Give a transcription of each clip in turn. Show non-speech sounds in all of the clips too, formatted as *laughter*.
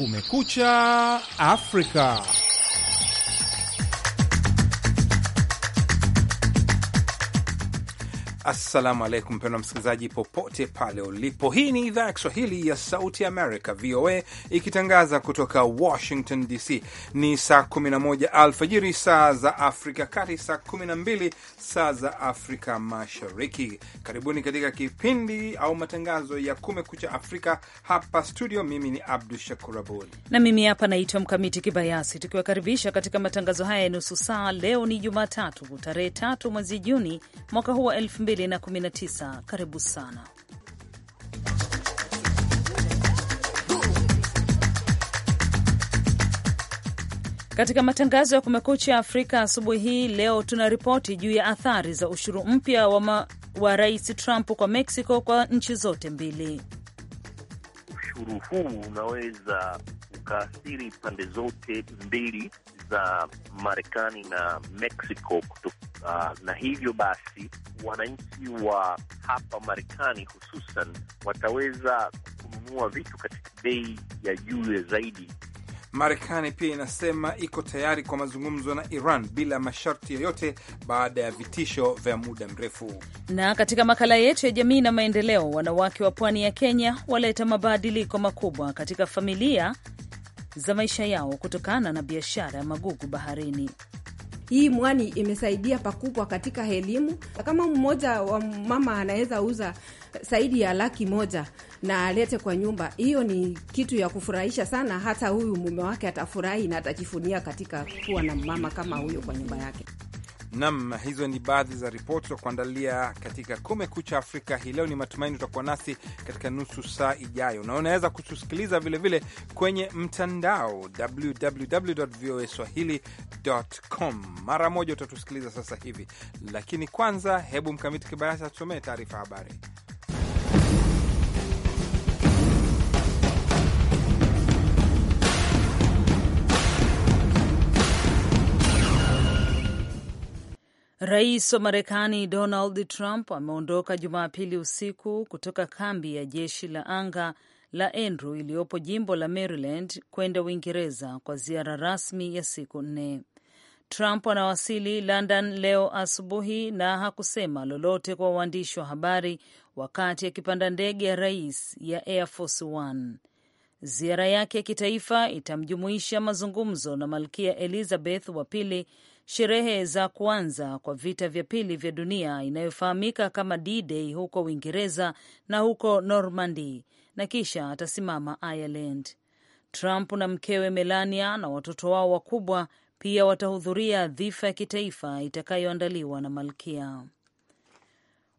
Kumekucha Afrika. Assalamu alaikum mpendwa msikilizaji, popote pale ulipo. Hii ni idhaa ya Kiswahili ya Sauti Amerika, VOA, ikitangaza kutoka Washington DC. Ni saa 11 alfajiri saa za Afrika Kati, saa 12 saa za Afrika Mashariki. Karibuni katika kipindi au matangazo ya Kumekucha Afrika hapa studio. Mimi ni Abdu Shakur Abud na mimi hapa naitwa Mkamiti Kibayasi, tukiwakaribisha katika matangazo haya ya nusu saa. Leo ni Jumatatu tarehe tatu mwezi Juni mwaka huu wa elfu mbili 2019. Karibu sana. Katika matangazo ya Kumekucha Afrika asubuhi hii leo, tuna ripoti juu ya athari za ushuru mpya wa, ma... wa Rais Trump kwa Mexico kwa nchi zote mbili. Ushuru huu unaweza ukaathiri pande zote mbili za Marekani na Mexico kuto Uh, na hivyo basi wananchi wa hapa Marekani hususan wataweza kununua vitu katika bei ya juu zaidi. Marekani pia inasema iko tayari kwa mazungumzo na Iran bila masharti yoyote baada ya vitisho vya muda mrefu. Na katika makala yetu ya jamii na maendeleo, wanawake wa pwani ya Kenya waleta mabadiliko makubwa katika familia za maisha yao kutokana na biashara ya magugu baharini hii mwani imesaidia pakubwa katika elimu. Kama mmoja wa mama anaweza uza zaidi ya laki moja na alete kwa nyumba, hiyo ni kitu ya kufurahisha sana. Hata huyu mume wake atafurahi na atajifunia katika kuwa na mama kama huyo kwa nyumba yake. Nam, hizo ni baadhi za ripoti za kuandalia katika Kumekucha Afrika hii leo. Ni matumaini utakuwa nasi katika nusu saa ijayo, na unaweza kutusikiliza vilevile kwenye mtandao www voa swahili.com. Mara moja utatusikiliza sasa hivi, lakini kwanza, hebu Mkamiti Kibayasi atusomee taarifa habari. Rais wa Marekani Donald Trump ameondoka Jumapili usiku kutoka kambi ya jeshi la anga la Andrew iliyopo jimbo la Maryland kwenda Uingereza kwa ziara rasmi ya siku nne. Trump anawasili London leo asubuhi na hakusema lolote kwa waandishi wa habari wakati akipanda ndege ya rais ya Air Force One. Ziara yake ya kitaifa itamjumuisha mazungumzo na Malkia Elizabeth wa Pili, sherehe za kuanza kwa vita vya pili vya dunia inayofahamika kama D-Day huko Uingereza na huko Normandy, na kisha atasimama Ireland. Trump na mkewe Melania na watoto wao wakubwa pia watahudhuria dhifa ya kitaifa itakayoandaliwa na Malkia.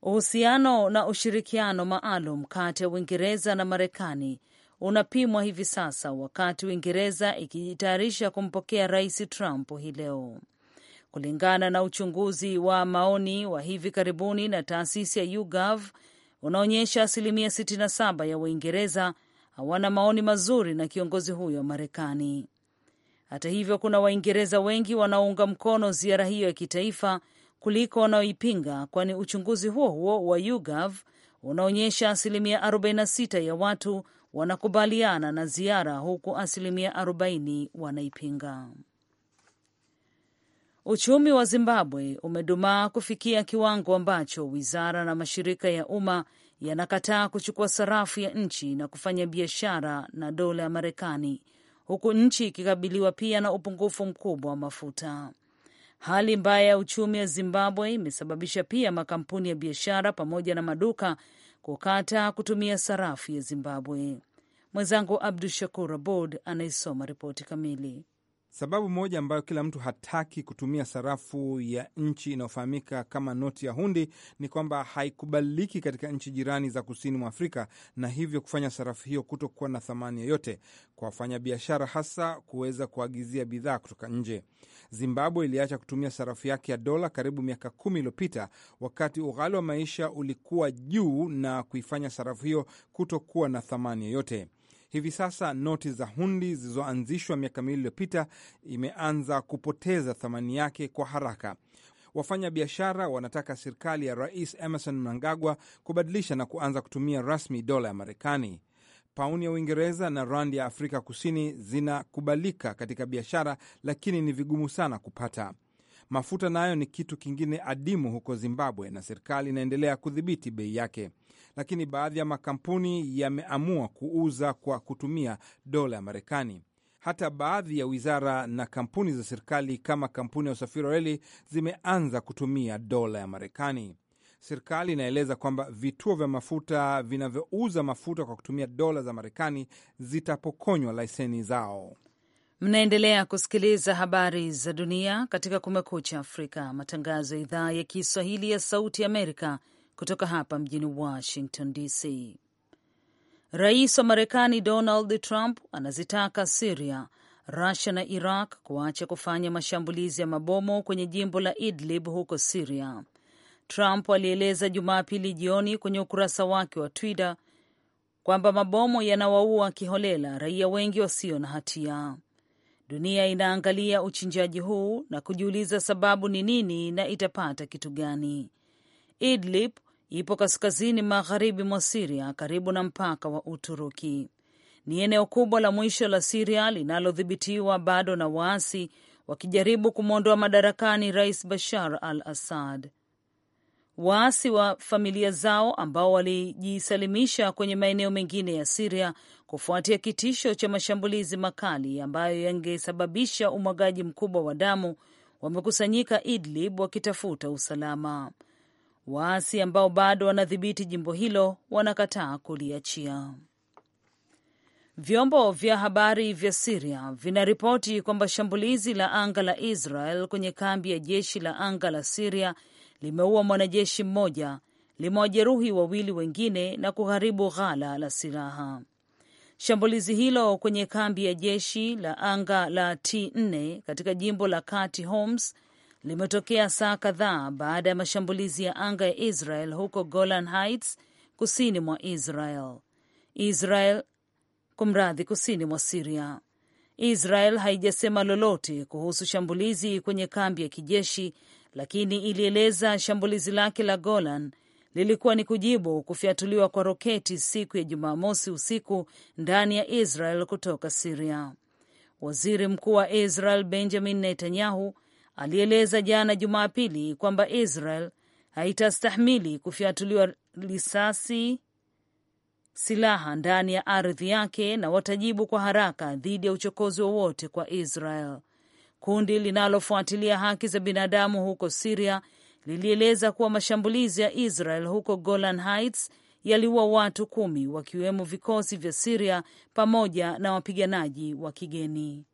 Uhusiano na ushirikiano maalum kati ya Uingereza na Marekani unapimwa hivi sasa wakati Uingereza ikijitayarisha kumpokea Rais Trump hii leo. Kulingana na uchunguzi wa maoni wa hivi karibuni na taasisi ya YouGov unaonyesha asilimia 67 ya Waingereza hawana maoni mazuri na kiongozi huyo wa Marekani. Hata hivyo, kuna Waingereza wengi wanaounga mkono ziara hiyo ya kitaifa kuliko wanaoipinga, kwani uchunguzi huo huo wa YouGov unaonyesha asilimia 46 ya watu wanakubaliana na ziara huku asilimia 40 wanaipinga. Uchumi wa Zimbabwe umedumaa kufikia kiwango ambacho wizara na mashirika ya umma yanakataa kuchukua sarafu ya nchi na kufanya biashara na dola ya Marekani, huku nchi ikikabiliwa pia na upungufu mkubwa wa mafuta. Hali mbaya ya uchumi wa Zimbabwe imesababisha pia makampuni ya biashara pamoja na maduka kukata kutumia sarafu ya Zimbabwe. Mwenzangu Abdu Shakur Abod anaisoma ripoti kamili. Sababu moja ambayo kila mtu hataki kutumia sarafu ya nchi inayofahamika kama noti ya hundi ni kwamba haikubaliki katika nchi jirani za kusini mwa Afrika, na hivyo kufanya sarafu hiyo kutokuwa na thamani yoyote kwa wafanyabiashara, hasa kuweza kuagizia bidhaa kutoka nje. Zimbabwe iliacha kutumia sarafu yake ya dola karibu miaka kumi iliyopita, wakati ughali wa maisha ulikuwa juu na kuifanya sarafu hiyo kutokuwa na thamani yoyote. Hivi sasa noti za hundi zilizoanzishwa miaka miwili iliyopita imeanza kupoteza thamani yake kwa haraka. wafanya biashara wanataka serikali ya Rais Emerson Mnangagwa kubadilisha na kuanza kutumia rasmi dola ya Marekani. Pauni ya Uingereza na randi ya Afrika Kusini zinakubalika katika biashara, lakini ni vigumu sana kupata Mafuta nayo ni kitu kingine adimu huko Zimbabwe, na serikali inaendelea kudhibiti bei yake, lakini baadhi ya makampuni yameamua kuuza kwa kutumia dola ya Marekani. Hata baadhi ya wizara na kampuni za serikali kama kampuni ya usafiri wa reli zimeanza kutumia dola ya Marekani. Serikali inaeleza kwamba vituo vya mafuta vinavyouza mafuta kwa kutumia dola za Marekani zitapokonywa leseni zao. Mnaendelea kusikiliza habari za dunia katika Kumekucha Afrika, matangazo ya idhaa ya Kiswahili ya Sauti Amerika kutoka hapa mjini Washington DC. Rais wa Marekani Donald Trump anazitaka Siria, Rusia na Iraq kuacha kufanya mashambulizi ya mabomu kwenye jimbo la Idlib huko Siria. Trump alieleza Jumapili jioni kwenye ukurasa wake wa Twitter kwamba mabomu yanawaua kiholela raia wengi wasio na hatia. Dunia inaangalia uchinjaji huu na kujiuliza sababu ni nini na itapata kitu gani. Idlib ipo kaskazini magharibi mwa Siria karibu na mpaka wa Uturuki. Ni eneo kubwa la mwisho la Siria linalodhibitiwa bado na waasi wakijaribu kumwondoa madarakani Rais Bashar al Assad. Waasi wa familia zao ambao walijisalimisha kwenye maeneo mengine ya Siria kufuatia kitisho cha mashambulizi makali ambayo yangesababisha umwagaji mkubwa wa damu, wamekusanyika Idlib wakitafuta usalama. Waasi ambao bado wanadhibiti jimbo hilo wanakataa kuliachia. Vyombo vya habari vya Siria vinaripoti kwamba shambulizi la anga la Israel kwenye kambi ya jeshi la anga la Siria limeua mwanajeshi mmoja, limewajeruhi wawili wengine na kuharibu ghala la silaha. Shambulizi hilo kwenye kambi ya jeshi la anga la T4 katika jimbo la kati Homs limetokea saa kadhaa baada ya mashambulizi ya anga ya Israel huko Golan Heights, kusini mwa Israel. Israel kumradhi, kusini mwa Siria. Israel haijasema lolote kuhusu shambulizi kwenye kambi ya kijeshi, lakini ilieleza shambulizi lake la Golan lilikuwa ni kujibu kufyatuliwa kwa roketi siku ya Jumamosi usiku ndani ya Israel kutoka Siria. Waziri Mkuu wa Israel Benjamin Netanyahu alieleza jana Jumapili kwamba Israel haitastahimili kufyatuliwa risasi silaha ndani ya ardhi yake na watajibu kwa haraka dhidi ya uchokozi wowote kwa Israel. Kundi linalofuatilia haki za binadamu huko Siria lilieleza kuwa mashambulizi ya Israel huko Golan Heights yaliua watu kumi wakiwemo vikosi vya Siria pamoja na wapiganaji wa kigeni.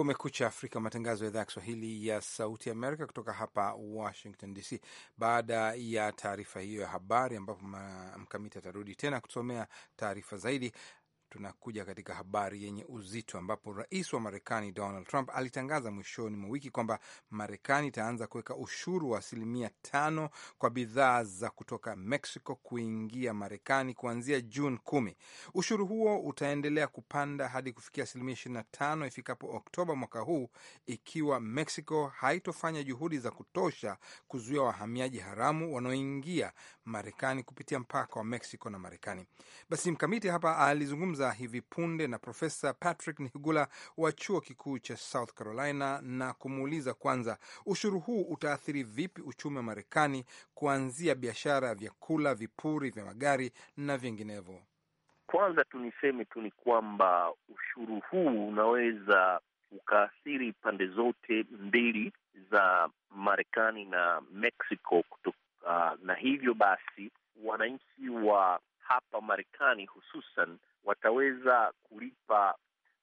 Kumekucha Afrika, matangazo ya idhaa ya Kiswahili ya Sauti Amerika kutoka hapa Washington DC. Baada ya taarifa hiyo ya habari, ambapo mkamiti atarudi tena kutusomea taarifa zaidi, tunakuja katika habari yenye uzito ambapo rais wa Marekani Donald Trump alitangaza mwishoni mwa wiki kwamba Marekani itaanza kuweka ushuru wa asilimia tano kwa bidhaa za kutoka Mexico kuingia Marekani kuanzia Juni kumi. Ushuru huo utaendelea kupanda hadi kufikia asilimia ishirini na tano ifikapo Oktoba mwaka huu ikiwa Mexico haitofanya juhudi za kutosha kuzuia wahamiaji haramu wanaoingia Marekani kupitia mpaka wa Mexico na Marekani. Basi mkamiti hapa alizungumza Nimezungumza hivi punde na Profesa Patrick Nigula wa chuo kikuu cha South Carolina na kumuuliza kwanza, ushuru huu utaathiri vipi uchumi wa Marekani, kuanzia biashara ya vyakula, vipuri vya magari na vinginevyo. Kwanza tu niseme tu ni kwamba ushuru huu unaweza ukaathiri pande zote mbili za Marekani na Mexico kutoka, uh, na hivyo basi wananchi wa hapa Marekani hususan wataweza kulipa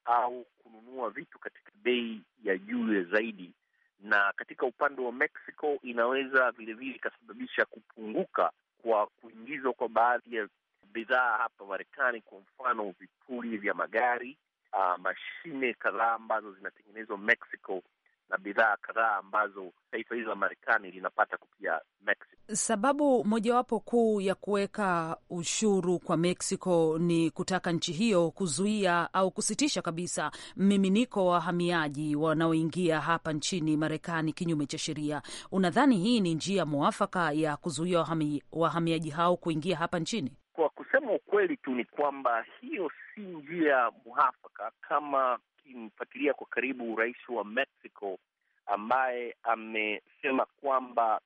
au kununua vitu katika bei ya juu zaidi, na katika upande wa Mexico inaweza vilevile ikasababisha kupunguka kwa kuingizwa kwa baadhi ya bidhaa hapa Marekani, kwa mfano vipuri vya magari, uh, mashine kadhaa ambazo zinatengenezwa Mexico na bidhaa kadhaa ambazo taifa hili la Marekani linapata kupitia Mexico. Sababu mojawapo kuu ya kuweka ushuru kwa Mexico ni kutaka nchi hiyo kuzuia au kusitisha kabisa mmiminiko wa wahamiaji wanaoingia hapa nchini Marekani kinyume cha sheria. Unadhani hii ni njia mwafaka ya kuzuia wahamiaji hao kuingia hapa nchini? Kwa kusema ukweli tu ni kwamba hiyo si njia mwafaka kama akimfuatilia kwa karibu rais wa Mexico ambaye amesema kwamba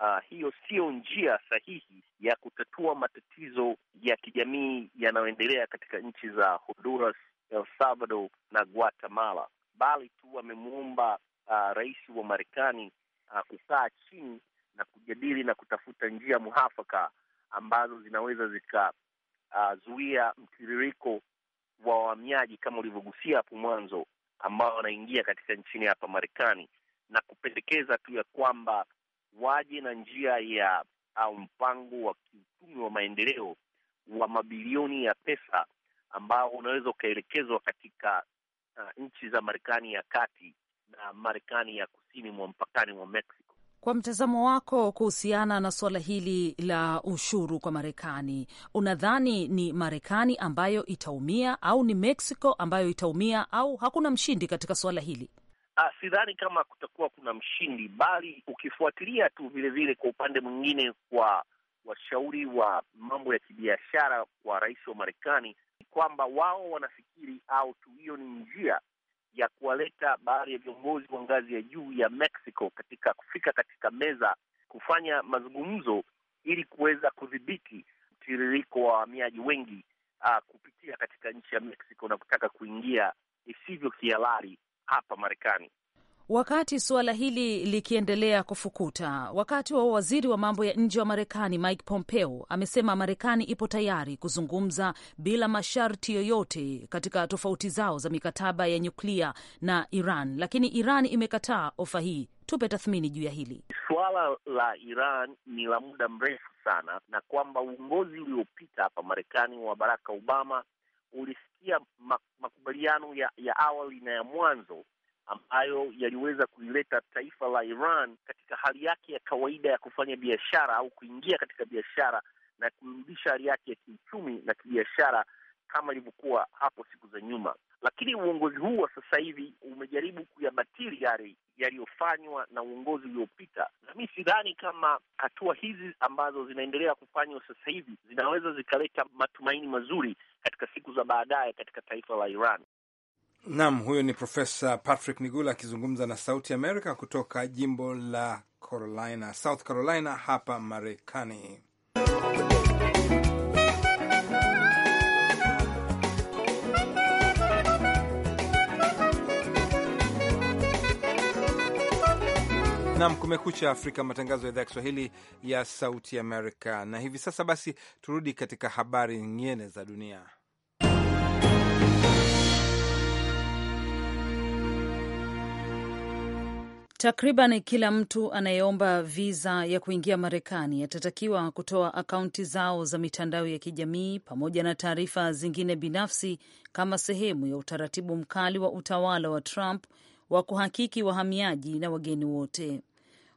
uh, hiyo siyo njia sahihi ya kutatua matatizo ya kijamii yanayoendelea katika nchi za Honduras, El Salvador na Guatemala, bali tu amemwomba uh, ah, rais wa Marekani uh, kukaa chini na kujadili na kutafuta njia mhafaka ambazo zinaweza zikazuia uh, mtiririko wa wahamiaji kama ulivyogusia hapo mwanzo, ambao wanaingia katika nchini hapa Marekani, na kupendekeza tu ya kwamba waje na njia ya au mpango wa kiuchumi wa maendeleo wa mabilioni ya pesa ambao unaweza ukaelekezwa katika uh, nchi za Marekani ya kati na Marekani ya kusini mwa mpakani mwa Mexico. Kwa mtazamo wako kuhusiana na suala hili la ushuru kwa Marekani, unadhani ni Marekani ambayo itaumia au ni Mexico ambayo itaumia au hakuna mshindi katika suala hili? Ah, sidhani kama kutakuwa kuna mshindi, bali ukifuatilia tu vilevile kwa upande mwingine, kwa washauri wa mambo ya kibiashara kwa rais wa Marekani, kwamba wao wanafikiri au tu hiyo ni njia ya kuwaleta baadhi ya viongozi wa ngazi ya juu ya Mexico katika kufika katika meza kufanya mazungumzo ili kuweza kudhibiti mtiririko wa wahamiaji wengi uh, kupitia katika nchi ya Mexico na kutaka kuingia isivyo kihalali hapa Marekani. Wakati suala hili likiendelea kufukuta, wakati wa waziri wa mambo ya nje wa Marekani Mike Pompeo amesema Marekani ipo tayari kuzungumza bila masharti yoyote katika tofauti zao za mikataba ya nyuklia na Iran, lakini Iran imekataa ofa hii. Tupe tathmini juu ya hili suala. La Iran ni la muda mrefu sana, na kwamba uongozi uliopita hapa Marekani wa Barack Obama ulisikia makubaliano ya, ya awali na ya mwanzo ambayo yaliweza kulileta taifa la Iran katika hali yake ya kawaida ya kufanya biashara au kuingia katika biashara na kurudisha hali yake ya kiuchumi na kibiashara kama ilivyokuwa hapo siku za nyuma. Lakini uongozi huu wa sasa hivi umejaribu kuyabatili yale yaliyofanywa na uongozi uliopita, na mi sidhani kama hatua hizi ambazo zinaendelea kufanywa sasa hivi zinaweza zikaleta matumaini mazuri katika siku za baadaye katika taifa la Iran. Naam, huyo ni Profesa Patrick Nigula akizungumza na Sauti Amerika kutoka jimbo la Carolina, South Carolina hapa Marekani. Nam, Kumekucha Afrika, matangazo ya idhaa ya Kiswahili ya Sauti Amerika. Na hivi sasa basi, turudi katika habari nyingine za dunia. Takriban kila mtu anayeomba viza ya kuingia Marekani atatakiwa kutoa akaunti zao za mitandao ya kijamii pamoja na taarifa zingine binafsi kama sehemu ya utaratibu mkali wa utawala wa Trump wa kuhakiki wahamiaji na wageni wote.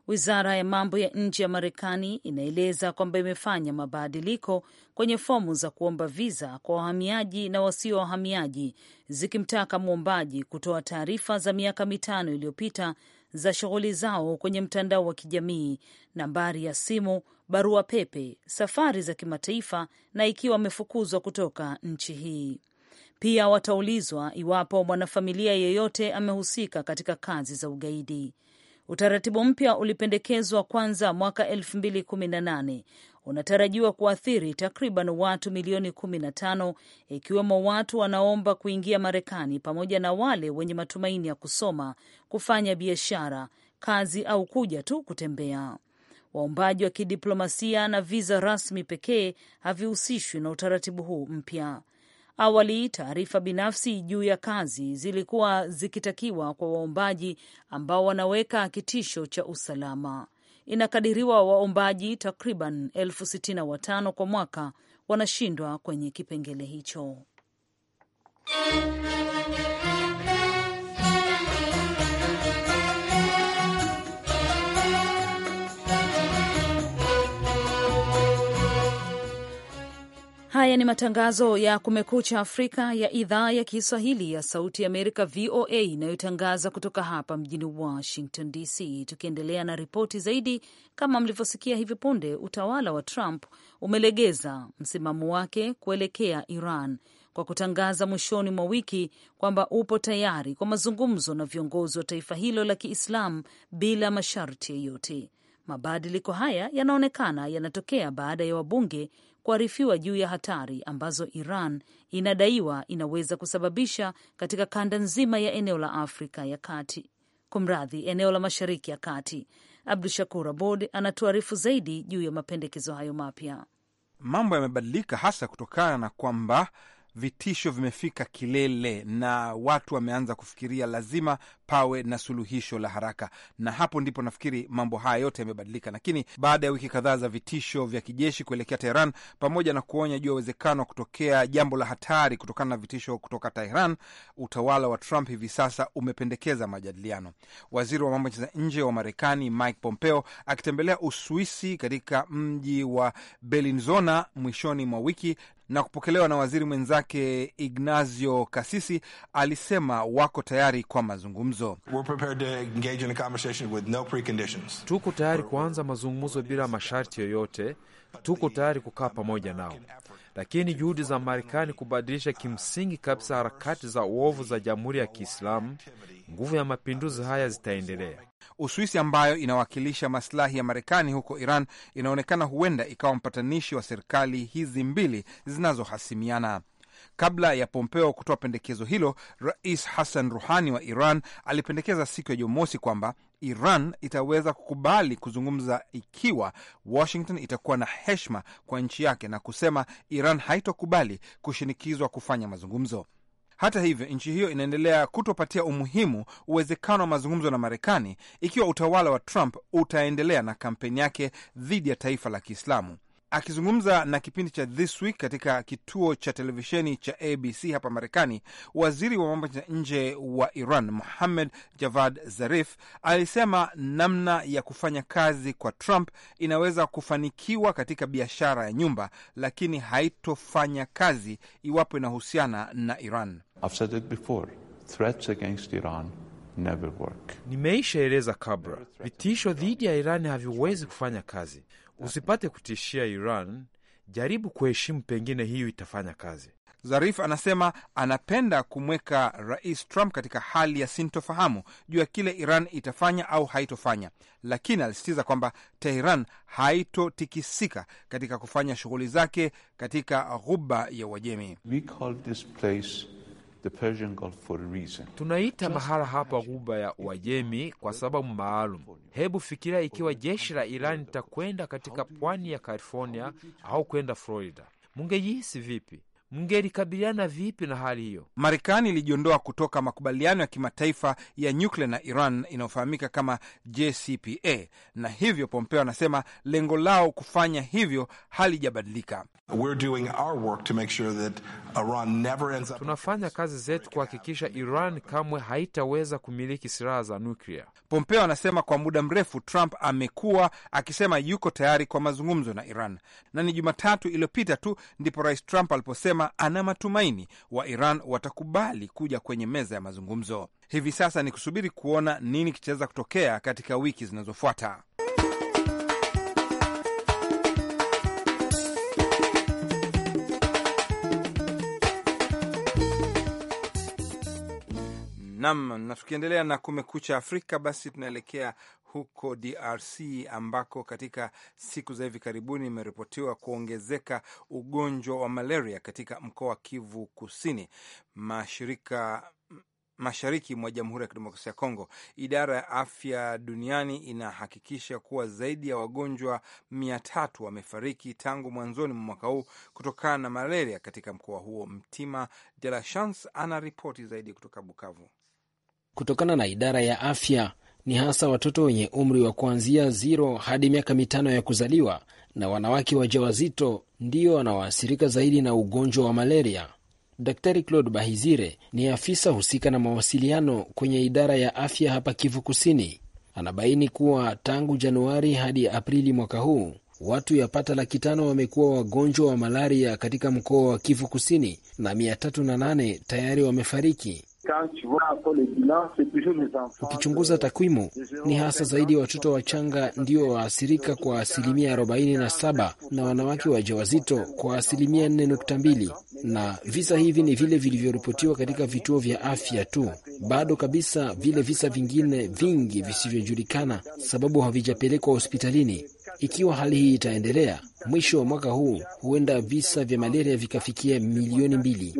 Wizara ya mambo ya nje ya Marekani inaeleza kwamba imefanya mabadiliko kwenye fomu za kuomba viza kwa wahamiaji na wasio wahamiaji, zikimtaka mwombaji kutoa taarifa za miaka mitano iliyopita za shughuli zao kwenye mtandao wa kijamii, nambari ya simu, barua pepe, safari za kimataifa na ikiwa amefukuzwa kutoka nchi hii. Pia wataulizwa iwapo mwanafamilia yeyote amehusika katika kazi za ugaidi. Utaratibu mpya ulipendekezwa kwanza mwaka 2018 unatarajiwa kuathiri takriban watu milioni 15 ikiwemo watu wanaomba kuingia Marekani pamoja na wale wenye matumaini ya kusoma, kufanya biashara, kazi au kuja tu kutembea. Waombaji wa kidiplomasia na viza rasmi pekee havihusishwi na utaratibu huu mpya. Awali taarifa binafsi juu ya kazi zilikuwa zikitakiwa kwa waombaji ambao wanaweka kitisho cha usalama inakadiriwa waombaji takriban elfu sitini na watano kwa mwaka wanashindwa kwenye kipengele hicho. Haya ni matangazo ya Kumekucha Afrika ya idhaa ya Kiswahili ya Sauti Amerika, VOA, inayotangaza kutoka hapa mjini Washington DC. Tukiendelea na ripoti zaidi, kama mlivyosikia hivi punde, utawala wa Trump umelegeza msimamo wake kuelekea Iran kwa kutangaza mwishoni mwa wiki kwamba upo tayari kwa mazungumzo na viongozi wa taifa hilo la Kiislamu bila masharti yoyote. Mabadiliko haya yanaonekana yanatokea baada ya wabunge kuarifiwa juu ya hatari ambazo Iran inadaiwa inaweza kusababisha katika kanda nzima ya eneo la Afrika ya Kati, kumradhi, eneo la Mashariki ya Kati. Abdu Shakur Abod anatuarifu zaidi juu ya mapendekezo hayo mapya. Mambo yamebadilika hasa kutokana na kwamba vitisho vimefika kilele na watu wameanza kufikiria lazima pawe na suluhisho la haraka, na hapo ndipo nafikiri mambo haya yote yamebadilika. Lakini baada ya wiki kadhaa za vitisho vya kijeshi kuelekea Teheran, pamoja na kuonya juu ya uwezekano wa kutokea jambo la hatari kutokana na vitisho kutoka Teheran, utawala wa Trump hivi sasa umependekeza majadiliano. Waziri wa mambo ya nje wa Marekani Mike Pompeo akitembelea Uswisi katika mji wa Bellinzona mwishoni mwa wiki na kupokelewa na waziri mwenzake Ignazio Kasisi, alisema wako tayari kwa mazungumzo. No, tuko tayari kuanza mazungumzo bila masharti yoyote Tuko tayari kukaa pamoja nao, lakini juhudi za Marekani kubadilisha kimsingi kabisa harakati za uovu za Jamhuri ya Kiislamu, nguvu ya mapinduzi haya zitaendelea. Uswisi ambayo inawakilisha masilahi ya Marekani huko Iran inaonekana huenda ikawa mpatanishi wa serikali hizi mbili zinazohasimiana. Kabla ya Pompeo kutoa pendekezo hilo, Rais Hassan Ruhani wa Iran alipendekeza siku ya Jumamosi kwamba Iran itaweza kukubali kuzungumza ikiwa Washington itakuwa na heshima kwa nchi yake na kusema Iran haitokubali kushinikizwa kufanya mazungumzo. Hata hivyo, nchi hiyo inaendelea kutopatia umuhimu uwezekano wa mazungumzo na Marekani ikiwa utawala wa Trump utaendelea na kampeni yake dhidi ya taifa la Kiislamu. Akizungumza na kipindi cha This Week katika kituo cha televisheni cha ABC hapa Marekani, waziri wa mambo ya nje wa Iran Muhammad Javad Zarif alisema namna ya kufanya kazi kwa Trump inaweza kufanikiwa katika biashara ya nyumba, lakini haitofanya kazi iwapo inahusiana na Iran. Nimeisha eleza kabla, vitisho dhidi ya Irani haviwezi kufanya kazi. Usipate kutishia Iran, jaribu kuheshimu, pengine hiyo itafanya kazi. Zarif anasema anapenda kumweka Rais Trump katika hali ya sintofahamu juu ya kile Iran itafanya au haitofanya, lakini alisisitiza kwamba Teheran haitotikisika katika kufanya shughuli zake katika Ghuba ya Uajemi. We call this place the Persian Gulf for a reason. Tunaita mahala hapa ghuba ya Uajemi kwa sababu maalum. Hebu fikiria ikiwa jeshi la Irani litakwenda katika pwani ya California au kwenda Florida, mungejihisi vipi? mngelikabiliana vipi na hali hiyo? Marekani ilijiondoa kutoka makubaliano ya kimataifa ya nyuklia na Iran inayofahamika kama JCPA, na hivyo Pompeo anasema lengo lao kufanya hivyo halijabadilika. Sure, tunafanya kazi zetu kuhakikisha Iran kamwe haitaweza kumiliki silaha za nuklia. Pompeo anasema kwa muda mrefu Trump amekuwa akisema yuko tayari kwa mazungumzo na Iran, na ni Jumatatu iliyopita tu ndipo Rais Trump aliposema amesema ana matumaini wa Iran watakubali kuja kwenye meza ya mazungumzo. Hivi sasa ni kusubiri kuona nini kitaweza kutokea katika wiki zinazofuata. Nam, na tukiendelea na Kumekucha Afrika, basi tunaelekea huko DRC ambako katika siku za hivi karibuni imeripotiwa kuongezeka ugonjwa wa malaria katika mkoa wa Kivu Kusini mashirika mashariki mwa Jamhuri ya Kidemokrasia ya Kongo. Idara ya Afya Duniani inahakikisha kuwa zaidi ya wagonjwa mia tatu wamefariki tangu mwanzoni mwa mwaka huu kutokana na malaria katika mkoa huo. Mtima De La Chance ana ripoti zaidi kutoka Bukavu. Kutokana na idara ya afya ni hasa watoto wenye umri wa kuanzia ziro hadi miaka mitano ya kuzaliwa na wanawake wajawazito ndio wanaoathirika zaidi na ugonjwa wa malaria. Daktari Claude Bahizire ni afisa husika na mawasiliano kwenye idara ya afya hapa Kivu Kusini. Anabaini kuwa tangu Januari hadi Aprili mwaka huu watu yapata laki tano wamekuwa wagonjwa wa malaria katika mkoa wa Kivu Kusini na mia tatu na nane tayari wamefariki ukichunguza takwimu, ni hasa zaidi watoto wachanga ndio waathirika kwa asilimia 47 na wanawake wajawazito kwa asilimia 4.2, na visa hivi ni vile vilivyoripotiwa katika vituo vya afya tu. Bado kabisa vile visa vingine vingi visivyojulikana, sababu havijapelekwa hospitalini. Ikiwa hali hii itaendelea, mwisho wa mwaka huu huenda visa vya malaria vikafikia milioni mbili.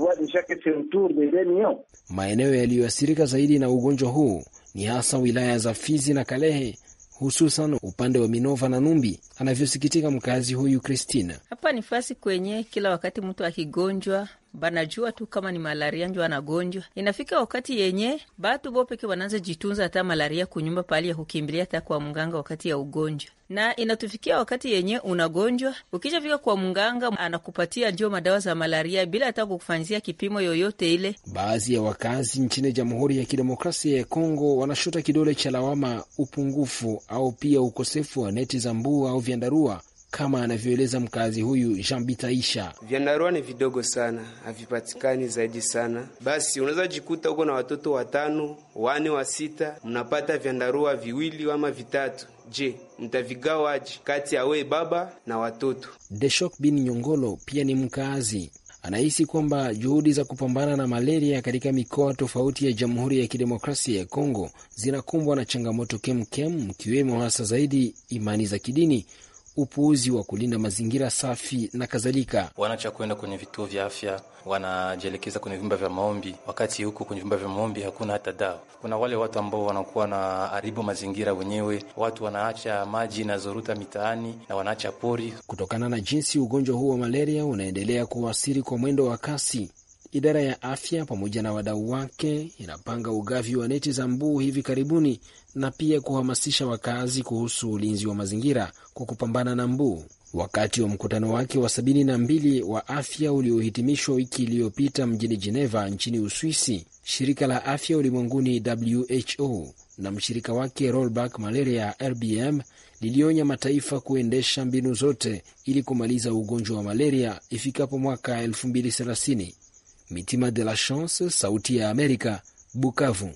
Maeneo yaliyoathirika zaidi na ugonjwa huu ni hasa wilaya za Fizi na Kalehe, hususan upande wa Minova na Numbi, anavyosikitika mkazi huyu kristina Hapa ni fasi kwenye kila wakati mtu akigonjwa banajua tu kama ni malaria njo anagonjwa. Inafika wakati yenye batu bopeke wanaanza jitunza hata malaria kunyumba pahali ya kukimbilia hata kwa mganga wakati ya ugonjwa, na inatufikia wakati yenye unagonjwa, ukishafika kwa mganga anakupatia njio madawa za malaria bila hata kukufanyizia kipimo yoyote ile. Baadhi ya wakazi nchini Jamhuri ya Kidemokrasia ya Kongo wanashota kidole cha lawama upungufu au pia ukosefu wa neti za mbua au vyandarua kama anavyoeleza mkazi huyu Jean Bitaisha. Vyandarua ni vidogo sana, havipatikani zaidi sana. Basi unaweza jikuta huko na watoto watano, wane, wa sita, mnapata vyandarua viwili ama vitatu. Je, mtavigawaje kati ya weye baba na watoto? Deshok bin Nyongolo pia ni mkazi anahisi kwamba juhudi za kupambana na malaria katika mikoa tofauti ya Jamhuri ya Kidemokrasia ya Kongo zinakumbwa na changamoto kemkem, mkiwemo hasa zaidi imani za kidini upuuzi wa kulinda mazingira safi na kadhalika. Wanaacha kuenda kwenye vituo vya afya, wanajielekeza kwenye vyumba vya maombi, wakati huko kwenye vyumba vya maombi hakuna hata dawa. Kuna wale watu ambao wanakuwa na haribu mazingira wenyewe, watu wanaacha maji inazoruta mitaani na wanaacha pori. Kutokana na jinsi ugonjwa huu wa malaria unaendelea kuwasiri kwa mwendo wa kasi, idara ya afya pamoja na wadau wake inapanga ugavi wa neti za mbu hivi karibuni na pia kuhamasisha wakazi kuhusu ulinzi wa mazingira kwa kupambana na mbu. Wakati wa mkutano wake wa sabini na mbili wa afya uliohitimishwa wiki iliyopita mjini Geneva nchini Uswisi, shirika la afya ulimwenguni WHO na mshirika wake Rollback Malaria RBM lilionya mataifa kuendesha mbinu zote ili kumaliza ugonjwa wa malaria ifikapo mwaka 2030. Mitima de la Chance, saudi ya Amerika, Bukavu.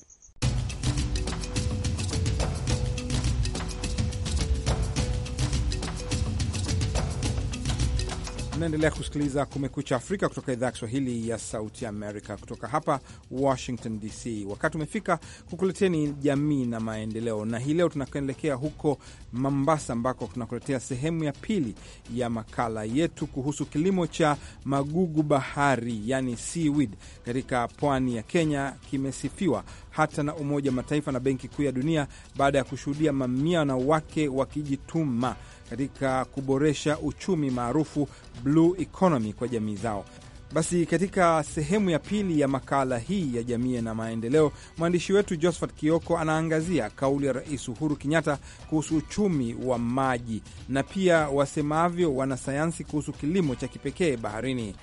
Unaendelea kusikiliza Kumekucha Afrika kutoka idhaa ya Kiswahili ya Sauti Amerika, kutoka hapa Washington DC. Wakati umefika kukuleteni jamii na maendeleo, na hii leo tunakuelekea huko Mombasa, ambako tunakuletea sehemu ya pili ya makala yetu kuhusu kilimo cha magugu bahari, yani seaweed, katika pwani ya Kenya. Kimesifiwa hata na Umoja wa Mataifa na Benki Kuu ya Dunia baada ya kushuhudia mamia wanawake wakijituma katika kuboresha uchumi maarufu blue economy kwa jamii zao. Basi katika sehemu ya pili ya makala hii ya jamii na maendeleo, mwandishi wetu Josephat Kioko anaangazia kauli ya Rais Uhuru Kenyatta kuhusu uchumi wa maji na pia wasemavyo wanasayansi kuhusu kilimo cha kipekee baharini.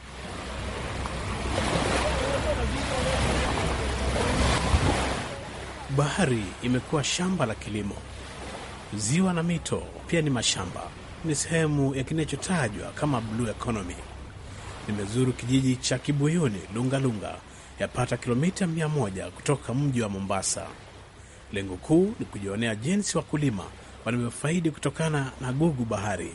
Bahari imekuwa shamba la kilimo ziwa na mito pia ni mashamba, ni sehemu ya kinachotajwa kama blue economy. Nimezuru kijiji cha Kibuyuni Lungalunga, yapata kilomita 1 kutoka mji wa Mombasa. Lengo kuu ni kujionea jinsi wakulima wanavyofaidi kutokana na gugu bahari,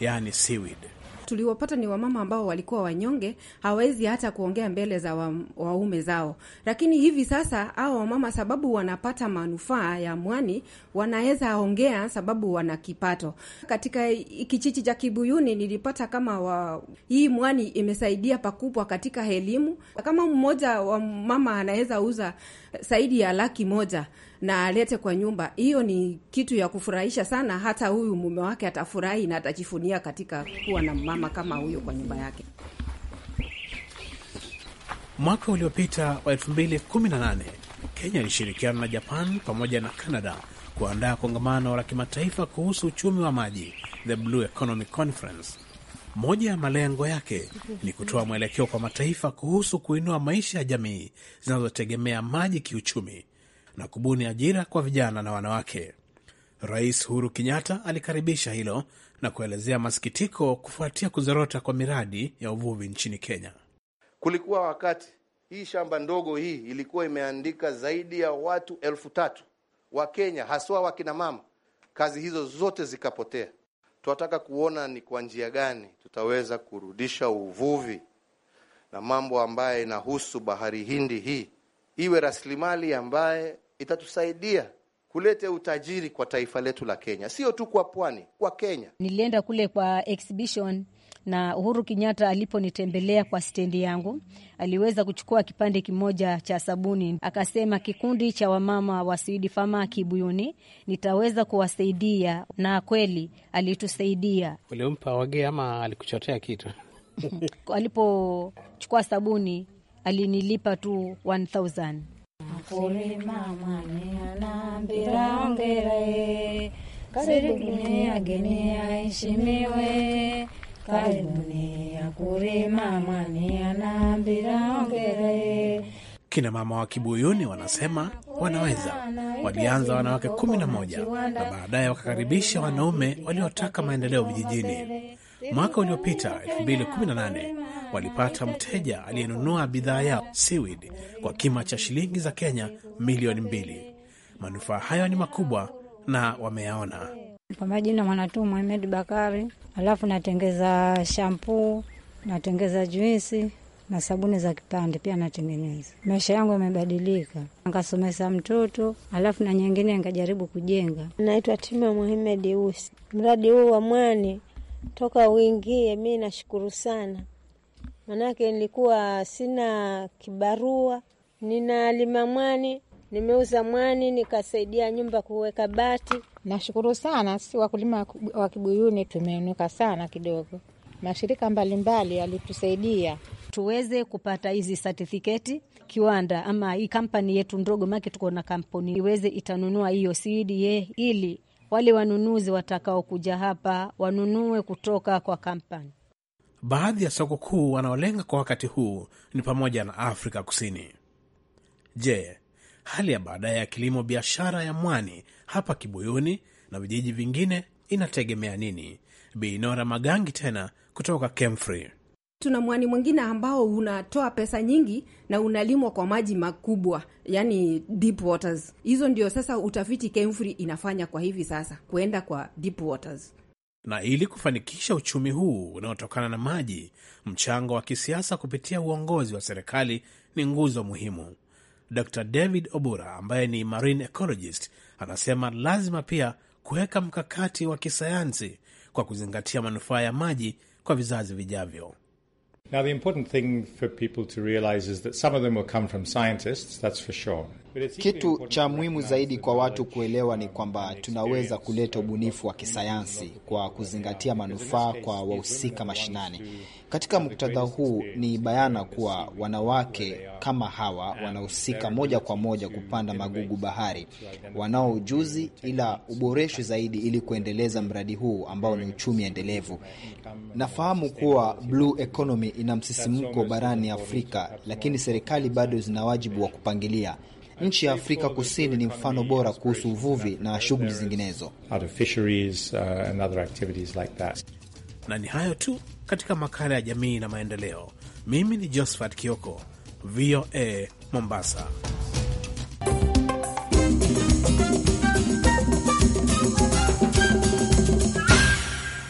yaani seaweed tuliwapata ni wamama ambao walikuwa wanyonge, hawawezi hata kuongea mbele za wa, waume zao. Lakini hivi sasa hao wamama, sababu wanapata manufaa ya mwani, wanaweza ongea sababu wana kipato. Katika kijiji cha Kibuyuni nilipata kama wa, hii mwani imesaidia pakubwa katika elimu. Kama mmoja wa mama anaweza uza eh, zaidi ya laki moja na alete kwa nyumba, hiyo ni kitu ya kufurahisha sana. Hata huyu mume wake atafurahi na atajifunia katika kuwa na mama kama huyo kwa nyumba yake. Mwaka uliopita wa 2018 Kenya ilishirikiana na Japan pamoja na Canada kuandaa kongamano la kimataifa kuhusu uchumi wa maji, the Blue Economy Conference. Moja ya malengo yake ni kutoa mwelekeo kwa mataifa kuhusu kuinua maisha ya jamii zinazotegemea maji kiuchumi na kubuni ajira kwa vijana na wanawake. Rais Uhuru Kenyatta alikaribisha hilo na kuelezea masikitiko kufuatia kuzorota kwa miradi ya uvuvi nchini Kenya. Kulikuwa wakati hii shamba ndogo hii ilikuwa imeandika zaidi ya watu elfu tatu wa Kenya, haswa wakinamama. Kazi hizo zote zikapotea. Tunataka kuona ni kwa njia gani tutaweza kurudisha uvuvi na mambo ambayo inahusu bahari Hindi hii iwe rasilimali ambaye itatusaidia kulete utajiri kwa taifa letu la Kenya, sio tu kwa pwani, kwa Kenya. Nilienda kule kwa exhibition na Uhuru Kenyatta aliponitembelea kwa stendi yangu, aliweza kuchukua kipande kimoja cha sabuni, akasema kikundi cha wamama wa Swidi Fama Kibuyuni nitaweza kuwasaidia, na kweli alitusaidia. Ulimpa wage ama alikuchotea kitu? *laughs* Alipochukua sabuni alinilipa tu 1000 kore karibuni ageni aheshimiwe karibuni Kina mama wa Kibuyuni wanasema wanaweza. Walianza wanawake kumi na moja na baadaye wakakaribisha wanaume waliotaka maendeleo vijijini. Mwaka uliopita 2018 walipata mteja aliyenunua bidhaa yao seaweed kwa kima cha shilingi za Kenya milioni mbili. Manufaa hayo ni makubwa na wameyaona. Kwa majina mwanatu Muhamed Bakari, alafu natengeza shampuu, natengeza juisi na sabuni za kipande pia natengeneza. Maisha yangu yamebadilika, nkasomesa mtoto alafu na nyingine nkajaribu kujenga. Naitwa Tima Muhamed Usi. Mradi huu wa mwani toka uingie, mi nashukuru sana, manake nilikuwa sina kibarua. Ninalima mwani, nimeuza mwani, nikasaidia nyumba kuweka bati. Nashukuru sana. Si wakulima wa Kibuyuni tumeinuka sana kidogo, mashirika mbalimbali yalitusaidia tuweze kupata hizi satifiketi kiwanda ama hii kampani yetu ndogo, make tuko na kampuni iweze itanunua hiyo CDA ili wale wanunuzi watakaokuja hapa wanunue kutoka kwa kampani. Baadhi ya soko kuu wanaolenga kwa wakati huu ni pamoja na Afrika Kusini. Je, hali ya baadaye ya kilimo biashara ya mwani hapa Kibuyuni na vijiji vingine inategemea nini? Binora Magangi tena kutoka Kemfrey. Tuna mwani mwingine ambao unatoa pesa nyingi na unalimwa kwa maji makubwa, yani deep waters. Hizo ndio sasa utafiti KEMFRI inafanya kwa hivi sasa, kuenda kwa deep waters. Na ili kufanikisha uchumi huu unaotokana na maji, mchango wa kisiasa kupitia uongozi wa serikali ni nguzo muhimu. Dr David Obura ambaye ni marine ecologist anasema lazima pia kuweka mkakati wa kisayansi kwa kuzingatia manufaa ya maji kwa vizazi vijavyo. Now, the important thing for people to realize is that some of them will come from scientists, that's for sure. Kitu cha muhimu zaidi kwa watu kuelewa ni kwamba tunaweza kuleta ubunifu wa kisayansi kwa kuzingatia manufaa kwa wahusika mashinani. Katika muktadha huu, ni bayana kuwa wanawake kama hawa wanahusika moja kwa moja kupanda magugu bahari, wanao ujuzi, ila uboreshwe zaidi ili kuendeleza mradi huu ambao ni uchumi endelevu. Nafahamu kuwa blue economy ina msisimko barani Afrika, lakini serikali bado zina wajibu wa kupangilia Nchi ya Afrika Kusini ni mfano bora kuhusu uvuvi na shughuli zinginezo. Uh, na ni hayo tu katika makala ya jamii na maendeleo. Mimi ni Josephat Kioko, VOA Mombasa.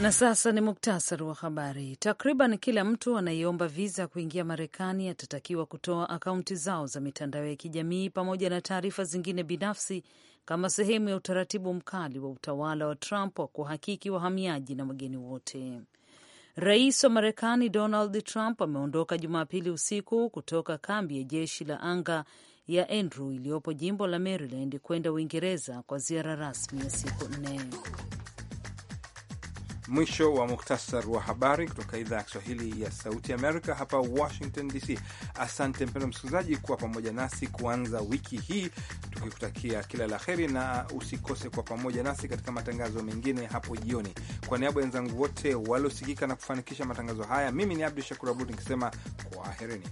Na sasa ni muktasari wa habari. Takriban kila mtu anayeomba viza kuingia Marekani atatakiwa kutoa akaunti zao za mitandao ya kijamii pamoja na taarifa zingine binafsi kama sehemu ya utaratibu mkali wa utawala wa Trump wa kuhakiki wahamiaji na wageni wote. Rais wa Marekani Donald Trump ameondoka Jumapili usiku kutoka kambi ya jeshi la anga ya Andrew iliyopo jimbo la Maryland kwenda Uingereza kwa ziara rasmi ya siku nne. Mwisho wa muktasar wa habari kutoka idhaa ya Kiswahili ya Sauti Amerika hapa Washington DC. Asante mpendo msikilizaji kuwa pamoja nasi kuanza wiki hii, tukikutakia kila la heri, na usikose kwa pamoja nasi katika matangazo mengine hapo jioni. Kwa niaba wenzangu wote waliosikika na kufanikisha matangazo haya, mimi ni Abdu Shakur Abud nikisema kwaherini.